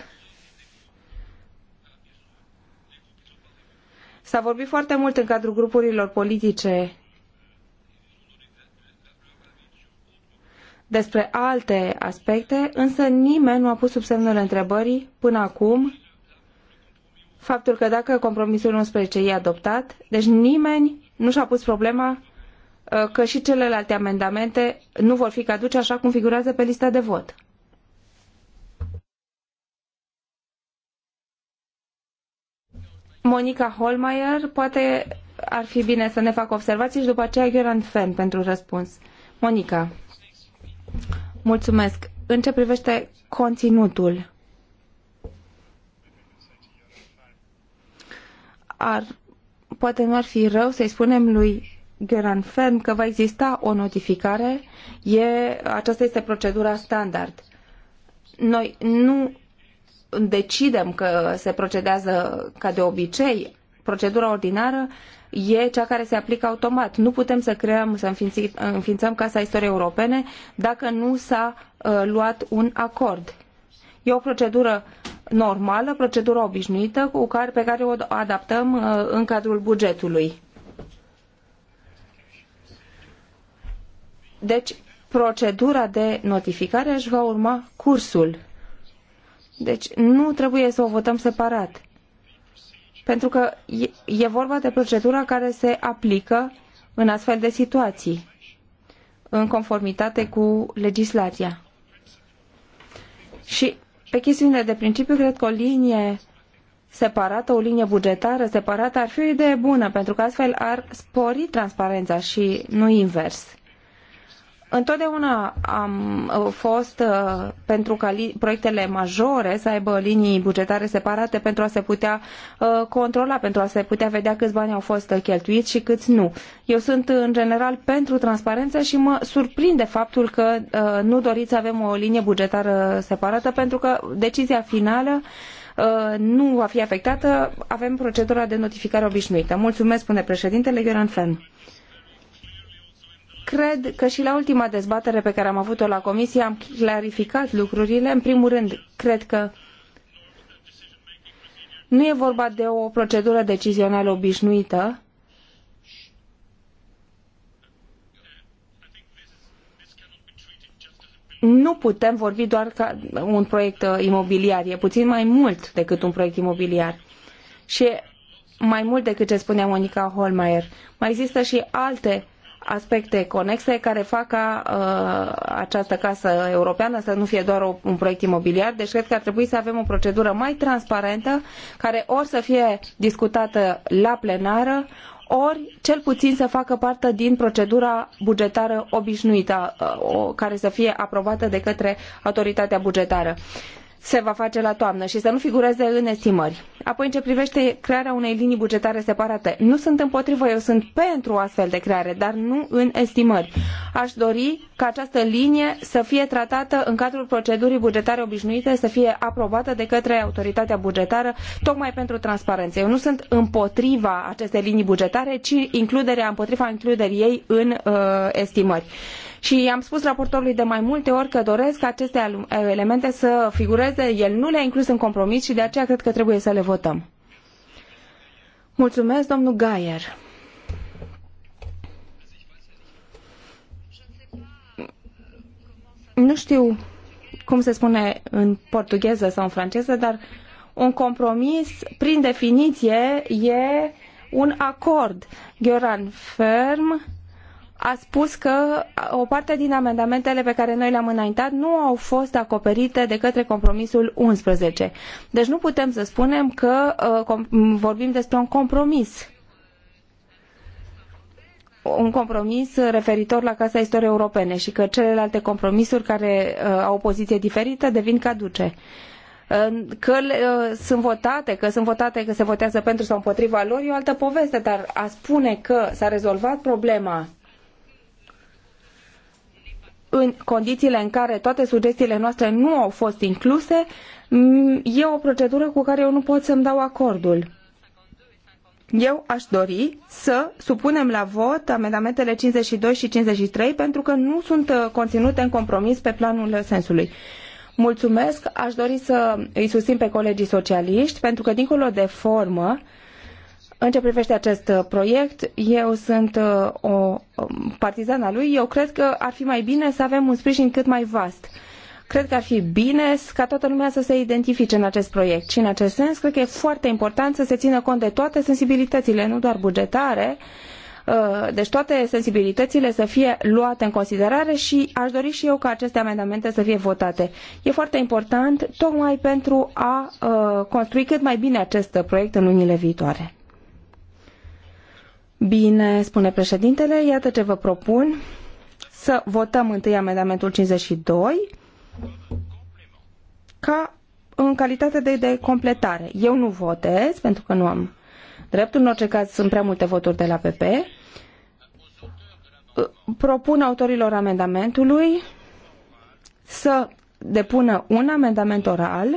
C: s-a vorbit foarte mult în cadrul grupurilor politice despre alte aspecte, însă nimeni nu a pus sub semnul întrebării până acum faptul că dacă compromisul 11 e adoptat, deci nimeni nu și-a pus problema uh, că și celelalte amendamente nu vor fi caduce așa cum figurează pe lista de vot. Monica Holmeyer, poate ar fi bine să ne facă observații și după aceea Gerard Fenn pentru răspuns. Monica, mulțumesc. În ce privește conținutul, ar, poate nu ar fi rău să-i spunem lui Gerard Fern că va exista o notificare. E, aceasta este procedura standard. Noi nu decidem că se procedează ca de obicei, procedura ordinară e cea care se aplică automat. Nu putem să creăm, să înființăm Casa Istoriei Europene dacă nu s-a uh, luat un acord. E o procedură normală, procedură obișnuită cu care, pe care o adaptăm uh, în cadrul bugetului. Deci, procedura de notificare își va urma cursul deci nu trebuie să o votăm separat. Pentru că e, e vorba de procedura care se aplică în astfel de situații, în conformitate cu legislația. Și pe chestiune de principiu, cred că o linie separată, o linie bugetară separată ar fi o idee bună, pentru că astfel ar spori transparența și nu invers. Întotdeauna am uh, fost uh, pentru ca proiectele majore să aibă linii bugetare separate pentru a se putea uh, controla, pentru a se putea vedea câți bani au fost cheltuiți și câți nu. Eu sunt în general pentru transparență și mă surprinde faptul că nu doriți să avem o linie bugetară separată pentru că decizia finală nu va fi afectată, avem procedura de notificare obișnuită. Mulțumesc, spune președintele Ioran Fen. Cred că și la ultima dezbatere pe care am avut-o la comisie am clarificat lucrurile. În primul rând, cred că nu e vorba de o procedură decizională obișnuită. Nu putem vorbi doar ca un proiect uh, imobiliar, e puțin mai mult decât un proiect imobiliar. Și mai mult decât ce spunea Monica Holmeier. Mai există și alte aspecte conexe care fac ca uh, această casă europeană să nu fie doar o, un proiect imobiliar. Deci cred că ar trebui să avem o procedură mai transparentă care ori să fie discutată la plenară, ori cel puțin să facă parte din procedura bugetară obișnuită, uh, care să fie aprobată de către autoritatea bugetară. Uh, se va face la toamnă și să nu figureze în estimări. Apoi, în ce privește crearea unei linii bugetare separate, nu sunt împotrivă, eu sunt pentru o astfel de creare, dar nu în estimări. Aș dori ca această linie să fie tratată în cadrul procedurii bugetare obișnuite, să fie aprobată de către autoritatea bugetară, tocmai pentru transparență. Eu nu sunt împotriva acestei linii bugetare, ci includerea, împotriva includerii ei în uh, estimări și am spus raportorului de mai multe ori că doresc ca aceste elemente să figureze, el nu le-a inclus în compromis și de aceea cred că trebuie să le votăm. Mulțumesc, domnul Gaier. Nu știu cum se spune în portugheză sau în franceză, dar un compromis, prin definiție, e un acord. Gioran Ferm a spus că o parte din amendamentele pe care noi le-am înaintat nu au fost acoperite de către compromisul 11. Deci nu putem să spunem că uh, vorbim despre un compromis un compromis referitor la Casa Istoriei Europene și că celelalte compromisuri care uh, au o poziție diferită devin caduce uh, că sunt votate, că sunt votate, că se votează pentru sau împotriva lor, e o altă poveste, dar a spune că s-a rezolvat problema în condițiile în care toate sugestiile noastre nu au fost incluse, mm, e o procedură cu care eu nu pot să-mi dau acordul. Eu aș dori să supunem la vot amendamentele 52 și 53 pentru că nu sunt uh, conținute în compromis pe planul sensului. Mulțumesc, aș dori să îi susțin pe colegii socialiști pentru că dincolo de formă, uh, în ce privește acest uh, proiect, eu sunt uh, o um, partizana lui. Eu cred că ar fi mai bine să avem un sprijin cât mai vast. Cred că ar fi bine ca toată lumea să se identifice în acest proiect și în acest sens cred că e foarte important să se țină cont de toate sensibilitățile, nu doar bugetare, uh, deci toate sensibilitățile să fie luate în considerare și aș dori și eu ca aceste amendamente să fie votate. E foarte important tocmai pentru a construi cât mai bine acest proiect în lunile viitoare. Bine, spune președintele, iată ce vă propun. Să votăm întâi amendamentul 52 ca în calitate de, de completare. Eu nu votez pentru că nu am dreptul, în orice caz sunt prea multe voturi de la PP. Propun autorilor amendamentului să depună un amendament oral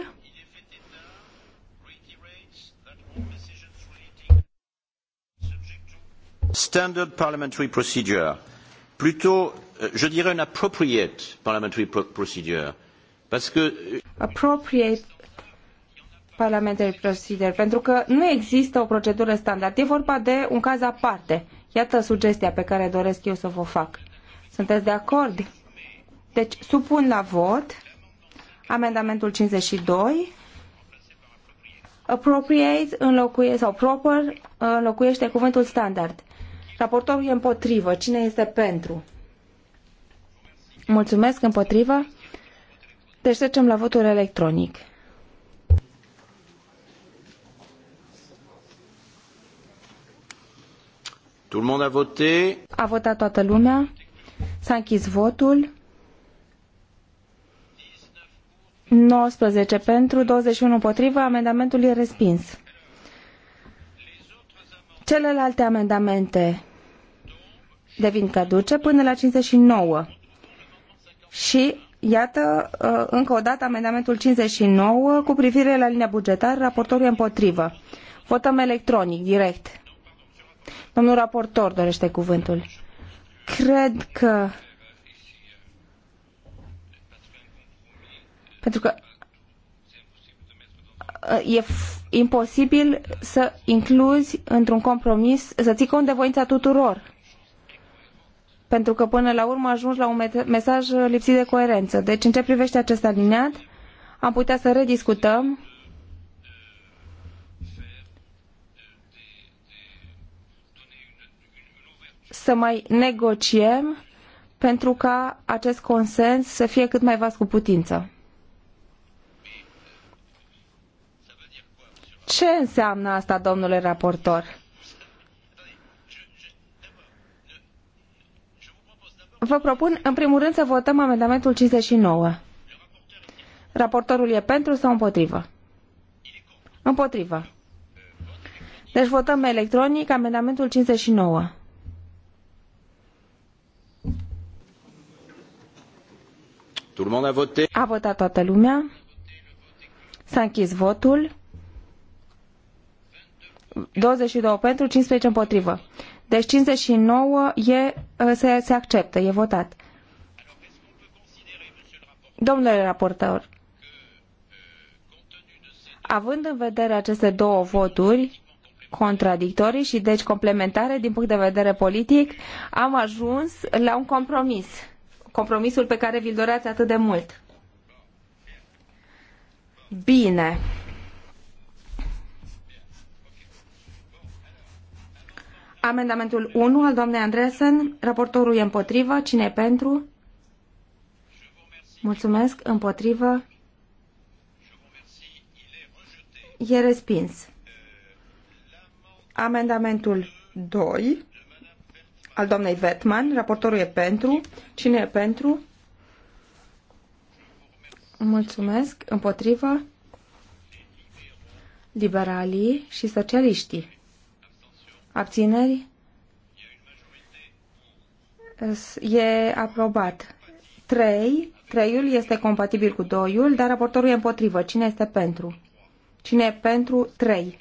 B: Standard parliamentary procedure, plutôt, euh, je dirais, une appropriate parliamentary procedure, parce que... Euh,
C: appropriate parliamentary procedure, pentru că nu există o procedură standard. E vorba de un caz aparte. Iată sugestia pe care doresc eu să vă fac. Sunteți de acord? Deci, supun la vot amendamentul 52, appropriate înlocuie, sau proper înlocuiește cuvântul standard. Raportorul e împotrivă. Cine este pentru? Mulțumesc împotrivă. Deci trecem la votul electronic.
B: Tout le monde a voté.
C: A votat toată lumea. S-a închis votul. 19 pentru, 21 împotrivă. Amendamentul e respins. Celelalte amendamente devin caduce până la 59. Și iată uh, încă o dată amendamentul 59 cu privire la linia bugetară, raportorul e împotrivă. Votăm electronic, direct. Domnul raportor dorește cuvântul. Cred că... Pentru că uh, e imposibil să incluzi într-un compromis, să ții cont de voința tuturor pentru că până la urmă ajungi la un mesaj lipsit de coerență. Deci, în ce privește acest aliniat, am putea să rediscutăm să mai negociem pentru ca acest consens să fie cât mai vast cu putință. Ce înseamnă asta, domnule raportor? Vă propun, în primul rând, să votăm amendamentul 59. Raportorul e pentru sau împotrivă? Împotrivă. Deci votăm electronic amendamentul 59. A votat toată lumea. S-a închis votul. 22 pentru, 15 împotrivă. Deci 59 e, uh, se, se acceptă, e votat. Domnule raportor, având în vedere aceste două voturi contradictorii și deci complementare din punct de vedere politic, am ajuns la un compromis. Compromisul pe care vi-l doreați atât de mult. Bine. Amendamentul 1 al doamnei Andresen, raportorul e împotrivă, cine e pentru? Mulțumesc, împotrivă. E respins. Amendamentul 2 al doamnei Vetman, raportorul e pentru, cine e pentru? Mulțumesc, împotrivă liberalii și socialiștii. Abțineri? E aprobat. 3. 3-ul este compatibil cu 2-ul, dar raportorul e împotrivă. Cine este pentru? Cine e pentru 3?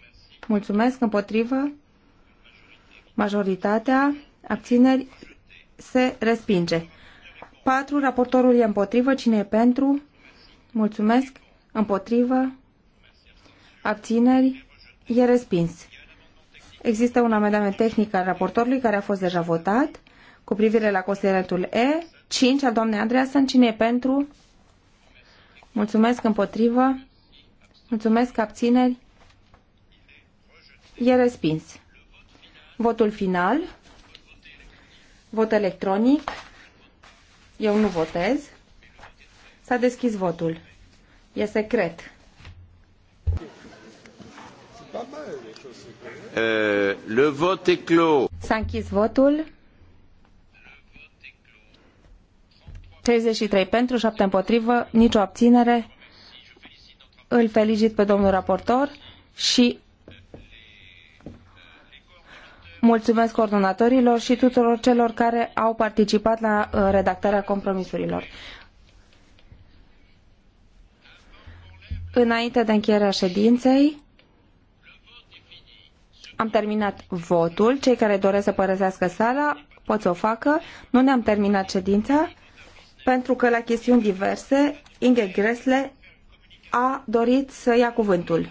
C: Mulțumesc, împotrivă. Majoritatea abțineri se respinge. 4. Raportorul e împotrivă. Cine e pentru? Mulțumesc. Împotrivă. Abțineri. E respins. Există un amendament tehnic al raportorului care a fost deja votat cu privire la considerentul E. 5 al doamnei Andreasen. Cine e pentru? Mulțumesc împotrivă. Mulțumesc abțineri. E respins. Votul final. Vot electronic. Eu nu votez. S-a deschis votul. E secret.
B: Euh, le vote est clos.
C: S-a închis votul. 33 pentru, 7 împotrivă, nicio abținere. Îl felicit pe domnul raportor și mulțumesc coordonatorilor și tuturor celor care au participat la uh, redactarea compromisurilor. Înainte de încheierea ședinței, am terminat votul. Cei care doresc să părăsească sala pot să o facă. Nu ne-am terminat ședința pentru că la chestiuni diverse Inge Gresle a dorit să ia
B: cuvântul.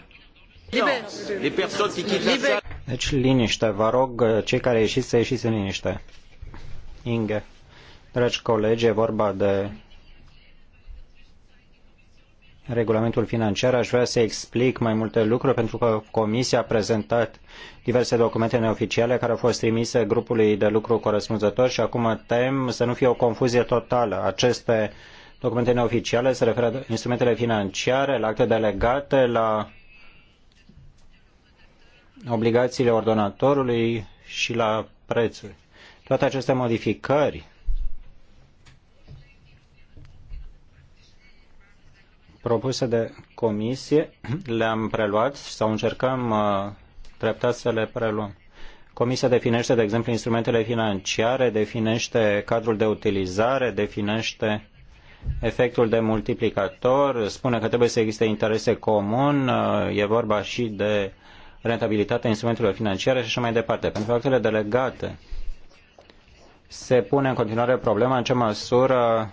B: Deci liniște, vă rog, cei care ieșiți să ieșiți în liniște. Inge, dragi colegi, e vorba de regulamentul financiar, aș vrea să explic mai multe lucruri pentru că Comisia a prezentat diverse documente neoficiale care au fost trimise grupului de lucru corespunzător și acum tem să nu fie o confuzie totală. Aceste documente neoficiale se referă la instrumentele financiare, la acte delegate, la obligațiile ordonatorului și la prețuri. Toate aceste modificări propuse de comisie le-am preluat sau încercăm uh, treptat să le preluăm. Comisia definește, de exemplu, instrumentele financiare, definește cadrul de utilizare, definește efectul de multiplicator, spune că trebuie să existe interese comun, uh, e vorba și de rentabilitatea instrumentelor financiare și așa mai departe. Pentru actele delegate se pune în continuare problema în ce măsură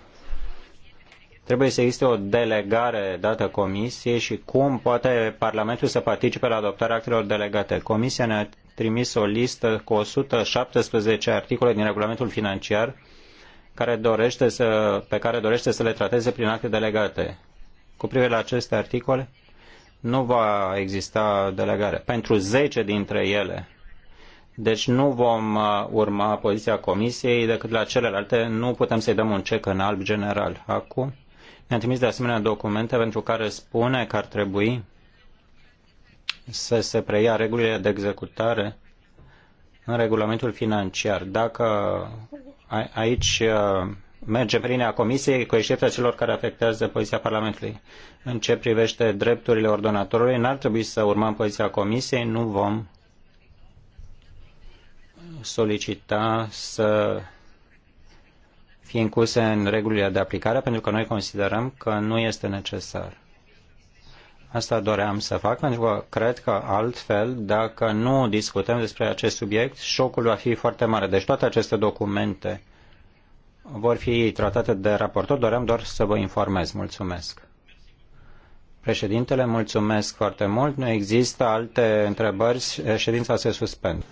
B: Trebuie să existe o delegare dată Comisiei și cum poate Parlamentul să participe la adoptarea actelor delegate. Comisia ne-a trimis o listă cu 117 articole din regulamentul financiar care dorește să, pe care dorește să le trateze prin acte delegate. Cu privire la aceste articole, nu va exista delegare pentru 10 dintre ele. Deci nu vom uh, urma poziția Comisiei decât la celelalte. Nu putem să-i dăm un cec în alb general. Acum ne-a trimis de asemenea documente pentru care spune că ar trebui să se preia regulile de executare în regulamentul financiar. Dacă aici uh, merge pe linia Comisiei, cu excepția celor care afectează poziția Parlamentului. În ce privește drepturile ordonatorului, n-ar trebui să urmăm poziția Comisiei, nu vom solicita să fie incluse în regulile de aplicare, pentru că noi considerăm că nu este necesar. Asta doream să fac, pentru că cred că altfel, dacă nu discutăm despre acest subiect, șocul va fi foarte mare. Deci toate aceste documente vor fi tratate de raportor. Doream doar să vă informez. Mulțumesc. Președintele, mulțumesc foarte mult. Nu există alte întrebări. Ședința se suspendă.